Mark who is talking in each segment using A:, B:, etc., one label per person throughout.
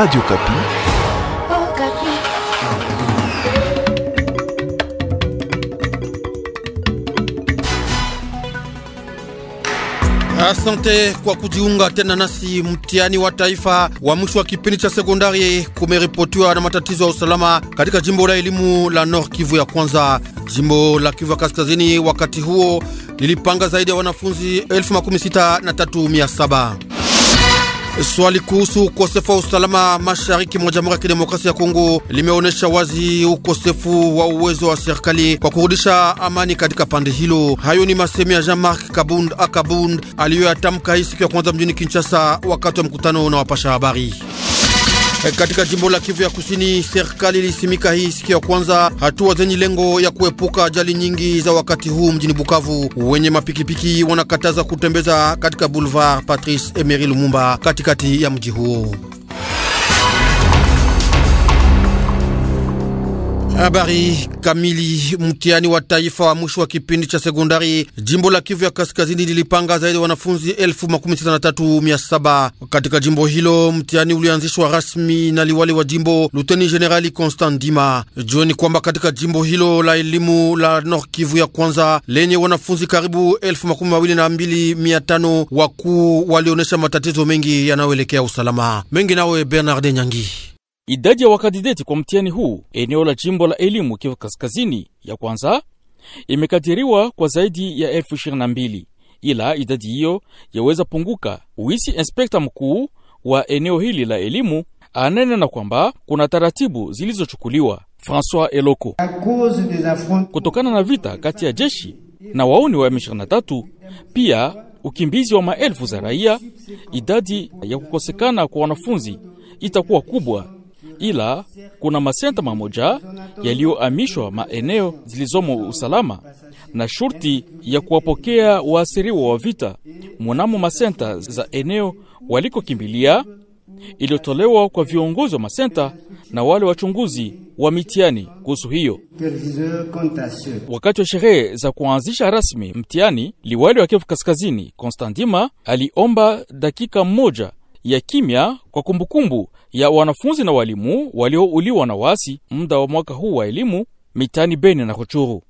A: Radio Kapi.
B: Oh, Kapi.
C: Asante kwa kujiunga tena nasi. Mtihani wa taifa wa mwisho wa kipindi cha sekondari kumeripotiwa na matatizo ya usalama katika jimbo la elimu la Nord Kivu ya kwanza. Jimbo la Kivu ya kaskazini wakati huo lilipanga zaidi ya wanafunzi 163,700. Swali kuhusu ukosefu wa usalama mashariki mwa Jamhuri ya Kidemokrasia ya Kongo limeonyesha wazi ukosefu wa uwezo wa serikali kwa kurudisha amani katika pande hilo. Hayo ni masemi ya Jean-Marc Kabund Akabund aliyoyatamka hii siku ya kwanza mjini Kinshasa wakati wa mkutano na wapasha habari. Eh, katika jimbo la Kivu ya Kusini, serikali ilisimika hii siku ya kwanza hatua zenye lengo ya kuepuka ajali nyingi za wakati huu mjini Bukavu. Wenye mapikipiki wanakataza kutembeza katika boulevard Patrice Emery Lumumba katikati ya mji huo. Habari kamili. Mtihani wa taifa wa mwisho wa kipindi cha sekondari jimbo la Kivu ya Kaskazini lilipanga zaidi ya wanafunzi elfu katika jimbo hilo. Mtihani ulianzishwa rasmi na liwali wa jimbo Luteni Generali Constant Dima jioni kwamba katika jimbo hilo la elimu la Nord Kivu ya kwanza lenye wanafunzi karibu elfu wakuu walionyesha matatizo mengi
D: yanayoelekea usalama mengi. Nawe Bernard Nyangi Idadi ya wakandideti kwa mtihani huu eneo la jimbo la elimu Kivu Kaskazini ya kwanza imekadiriwa kwa zaidi ya elfu ishirini na mbili ila idadi hiyo yaweza punguka. Uisi inspekta mkuu wa eneo hili la elimu na kwamba kuna taratibu zilizochukuliwa. François Eloko, kutokana na vita kati ya jeshi na wauni wa M23 pia ukimbizi wa maelfu za raia, idadi ya kukosekana kwa wanafunzi itakuwa kubwa ila kuna masenta mamoja yaliyoamishwa maeneo zilizomo usalama na shurti ya kuwapokea waasiriwa wa vita mwanamo masenta za eneo walikokimbilia iliyotolewa kwa viongozi wa masenta na wale wachunguzi wa mitiani kuhusu hiyo. Wakati wa sherehe za kuanzisha rasmi mtiani liwali wa Kivu Kaskazini Konstantima aliomba dakika moja ya kimya kwa kumbukumbu ya wanafunzi na walimu waliouliwa na wasi muda wa mwaka huu wa elimu mitani Beni na Kuchuru.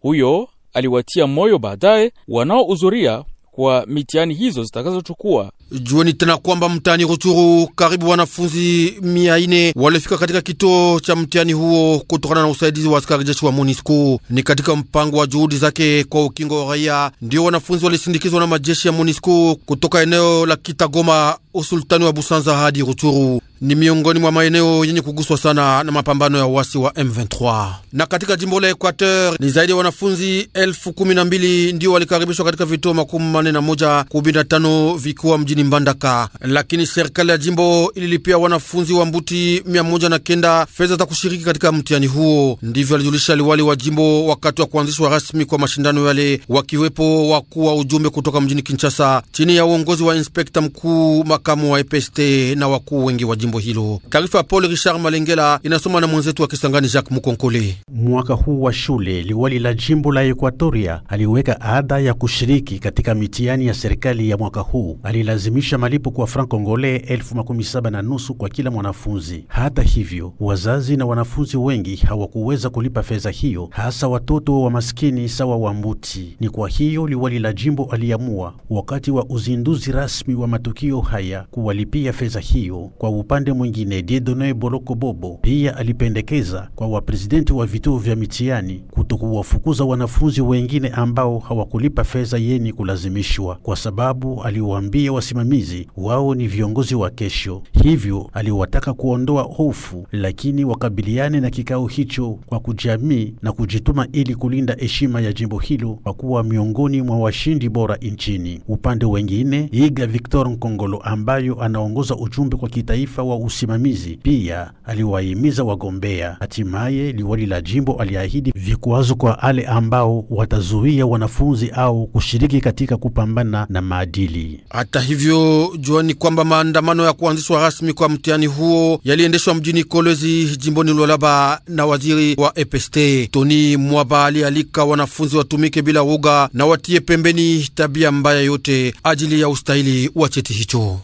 D: Huyo aliwatia moyo baadaye wanaohudhuria kwa mitihani hizo zitakazochukua. Jueni tena
C: kwamba mtaani Ruchuru karibu wanafunzi mia ine walifika katika kituo cha mtihani huo kutokana na usaidizi wa askari jeshi wa MONUSCO. Ni katika mpango wa juhudi zake kwa ukingo wa raia, ndio wanafunzi walisindikizwa na majeshi ya MONUSCO kutoka eneo la Kitagoma Usultani wa Busanza hadi Ruchuru ni miongoni mwa maeneo yenye kuguswa sana na mapambano ya uasi wa M23. Na katika jimbo la Equateur ni zaidi ya wanafunzi elfu kumi na mbili ndio walikaribishwa katika vituo makumi manne na moja kumi na tano vikiwa mjini Mbandaka, lakini serikali ya jimbo ililipia wanafunzi wa mbuti mia moja na kenda fedha za kushiriki katika mtihani huo. Ndivyo alijulisha liwali wa jimbo wakati wa kuanzishwa rasmi kwa mashindano yale, wakiwepo wakuu wa ujumbe kutoka mjini Kinshasa chini ya uongozi wa inspekta mkuu makamu wa EPST na wakuu wengi wa jimbo hilo. Taarifa ya Paul Richard Malengela inasoma na mwenzetu wa Kisangani Jacques Mukonkole. Mwaka huu wa shule, liwali la jimbo la Ekuatoria aliweka
A: ada ya kushiriki katika mitihani ya serikali ya mwaka huu. Alilazimisha malipo kwa franc congolais elfu makumi saba na nusu kwa kila mwanafunzi. Hata hivyo, wazazi na wanafunzi wengi hawakuweza kulipa fedha hiyo, hasa watoto wa maskini sawa wa Mbuti. Ni kwa hiyo liwali la jimbo aliamua wakati wa uzinduzi rasmi wa matukio haya Ulaya kuwalipia fedha hiyo. Kwa upande mwingine, Dieudonne Boloko Bobo pia alipendekeza kwa waprezidenti wa vituo vya mitihani kutokuwafukuza wanafunzi wengine ambao hawakulipa fedha yeni kulazimishwa, kwa sababu aliwaambia wasimamizi wao ni viongozi wa kesho. Hivyo aliwataka kuondoa hofu, lakini wakabiliane na kikao hicho kwa kujamii na kujituma ili kulinda heshima ya jimbo hilo kwa kuwa miongoni mwa washindi bora nchini. Upande wengine, Iga Victor Nkongolo ambayo anaongoza ujumbe kwa kitaifa wa usimamizi. Pia aliwahimiza wagombea. Hatimaye liwali la jimbo aliahidi vikwazo kwa ale ambao watazuia wanafunzi au kushiriki katika kupambana na maadili.
C: Hata hivyo, juani kwamba maandamano ya kuanzishwa rasmi kwa mtihani huo yaliendeshwa mjini Kolwezi jimboni Lualaba na waziri wa EPST Tony Mwaba alialika wanafunzi watumike bila woga na watie pembeni tabia mbaya yote ajili ya ustahili wa cheti hicho.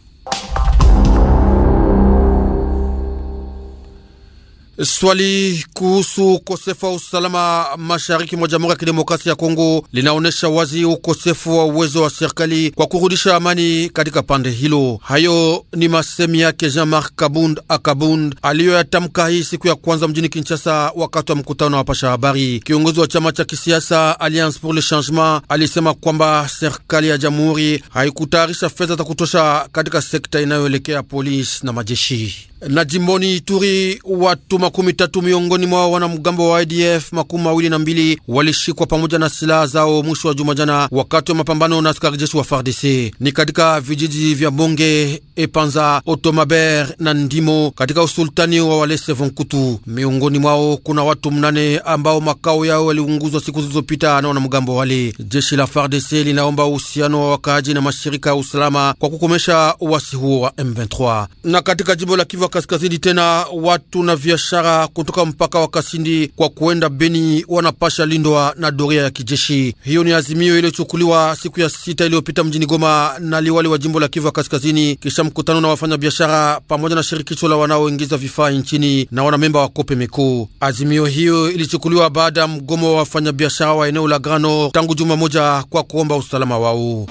C: Swali kuhusu ukosefu wa usalama mashariki mwa Jamhuri ya Kidemokrasia ya Kongo linaonyesha wazi ukosefu wa uwezo wa serikali kwa kurudisha amani katika pande hilo. Hayo ni masemi yake Jean-Marc Kabund Akabund aliyoyatamka hii siku ya kwanza mjini Kinshasa wakati wa mkutano na wapasha habari. Kiongozi wa chama cha kisiasa Alliance pour le Changement alisema kwamba serikali ya jamhuri haikutayarisha fedha za kutosha katika sekta inayoelekea polisi na majeshi. Na jimboni Ituri watu makumi tatu miongoni mwa wanamgambo wa ADF makumi mawili na mbili walishikwa pamoja na silaha zao mwisho wa juma jana wakati wa mapambano na askari jeshi wa FARDC ni katika vijiji vya Bonge, Epanza, Otomaber na Ndimo katika usultani wa Walese Vonkutu. Miongoni mwao kuna watu mnane ambao makao yao yaliunguzwa siku zilizopita na wanamgambo wale. Jeshi la FARDC linaomba uhusiano wa wakaaji na mashirika ya usalama kwa kukomesha uasi huo wa M23. Na katika jimbo la Kivu wa kaskazini tena watu na biashara kutoka mpaka wa Kasindi kwa kuenda Beni wanapasha lindwa na doria ya kijeshi. Hiyo ni azimio iliyochukuliwa siku ya sita iliyopita mjini Goma na liwali wa jimbo la Kivu ya kaskazini kisha mkutano na wafanyabiashara pamoja na shirikisho la wanaoingiza vifaa nchini na wanamemba wa mikuu Azimio hiyo ilichukuliwa baada ya mgomo wa wafanyabiashara wa eneo la Grano tangu juma moja kwa kuomba usalama wao.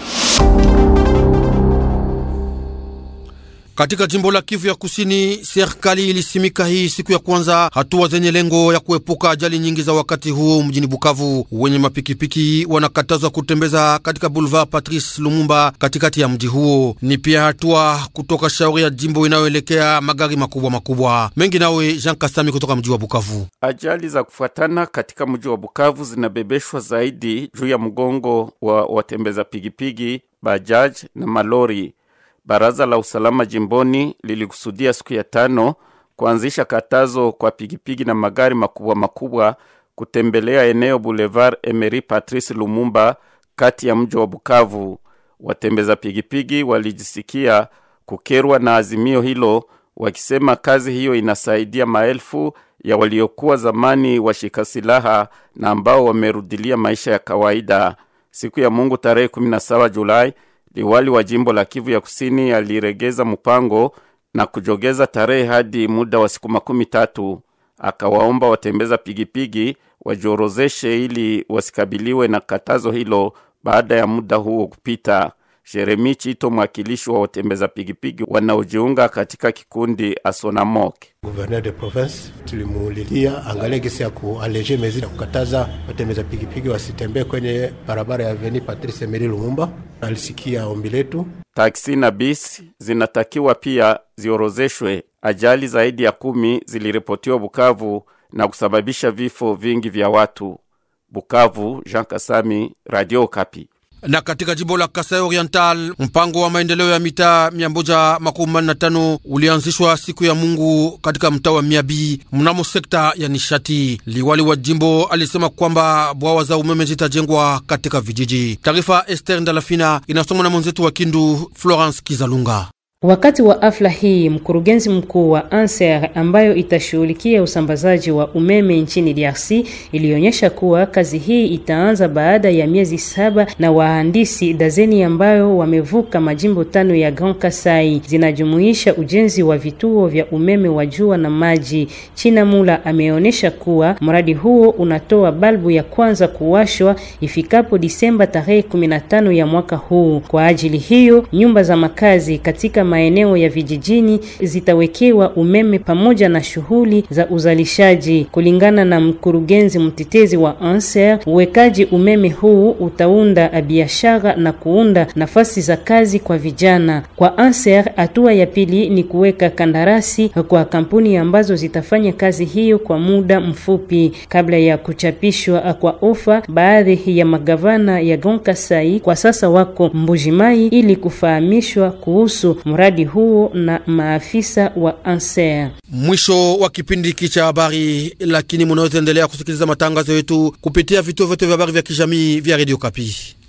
C: Katika jimbo la Kivu ya Kusini, serikali ilisimika hii siku ya kwanza hatua zenye lengo ya kuepuka ajali nyingi za wakati huu mjini Bukavu. Wenye mapikipiki wanakatazwa kutembeza katika Boulevard Patrice Lumumba katikati ya mji huo. Ni pia hatua kutoka shauri ya jimbo inayoelekea magari makubwa makubwa mengi. Nawe Jean Kasami kutoka mji wa Bukavu.
E: Ajali za kufuatana katika mji wa Bukavu zinabebeshwa zaidi juu ya mgongo wa watembeza pigipigi, bajaji na malori. Baraza la usalama jimboni lilikusudia siku ya tano kuanzisha katazo kwa pigipigi na magari makubwa makubwa kutembelea eneo Boulevard Emery Patrice Lumumba kati ya mji wa Bukavu. Watembeza pigipigi walijisikia kukerwa na azimio hilo, wakisema kazi hiyo inasaidia maelfu ya waliokuwa zamani washika silaha na ambao wamerudilia maisha ya kawaida. Siku ya Mungu tarehe 17 Julai liwali wa jimbo la Kivu ya Kusini aliregeza mpango na kujogeza tarehe hadi muda wa siku makumi tatu. Akawaomba watembeza pigipigi wajiorozeshe ili wasikabiliwe na katazo hilo baada ya muda huo kupita. Jeremi to mwakilishi wa watembeza pigipigi wanaojiunga katika kikundi Asonamok.
A: Gouverneur de province tulimuulilia angalia gesi ya kualeje mezi na kukataza watembeza pigipigi wasitembee kwenye barabara ya Veni Patrice Emery Lumumba. Alisikia ombi letu.
E: Taksi na bisi zinatakiwa pia ziorozeshwe. Ajali zaidi ya kumi ziliripotiwa Bukavu na kusababisha vifo vingi vya watu. Bukavu, Jean Kasami, Radio Kapi
C: na katika jimbo la Kasai Oriental mpango wa maendeleo ya mitaa 145 ulianzishwa siku ya Mungu katika mtaa wa Miabi mnamo sekta ya nishati. Liwali wa jimbo alisema kwamba bwawa za umeme zitajengwa katika vijiji. Taarifa esther Ndalafina inasomwa na mwenzetu wa Kindu Florence Kizalunga.
B: Wakati wa hafla hii mkurugenzi mkuu wa ANSER ambayo itashughulikia usambazaji wa umeme nchini DRC ilionyesha kuwa kazi hii itaanza baada ya miezi saba na wahandisi dazeni ambayo wamevuka majimbo tano ya Grand Kasai, zinajumuisha ujenzi wa vituo vya umeme wa jua na maji. China Mula ameonyesha kuwa mradi huo unatoa balbu ya kwanza kuwashwa ifikapo Disemba tarehe 15 ya mwaka huu. Kwa ajili hiyo nyumba za makazi katika maeneo ya vijijini zitawekewa umeme pamoja na shughuli za uzalishaji. Kulingana na mkurugenzi mtetezi wa Anser, uwekaji umeme huu utaunda biashara na kuunda nafasi za kazi kwa vijana. Kwa Anser, hatua ya pili ni kuweka kandarasi kwa kampuni ambazo zitafanya kazi hiyo kwa muda mfupi kabla ya kuchapishwa kwa ofa. Baadhi ya magavana ya Gonkasai kwa sasa wako Mbujimai ili kufahamishwa kuhusu mradi mradi huo na maafisa wa ANSER.
C: Mwisho wa kipindi hiki cha habari, lakini munaweza endelea kusikiliza matangazo yetu kupitia vituo vyote vya habari vya kijamii vya Radio Kapi.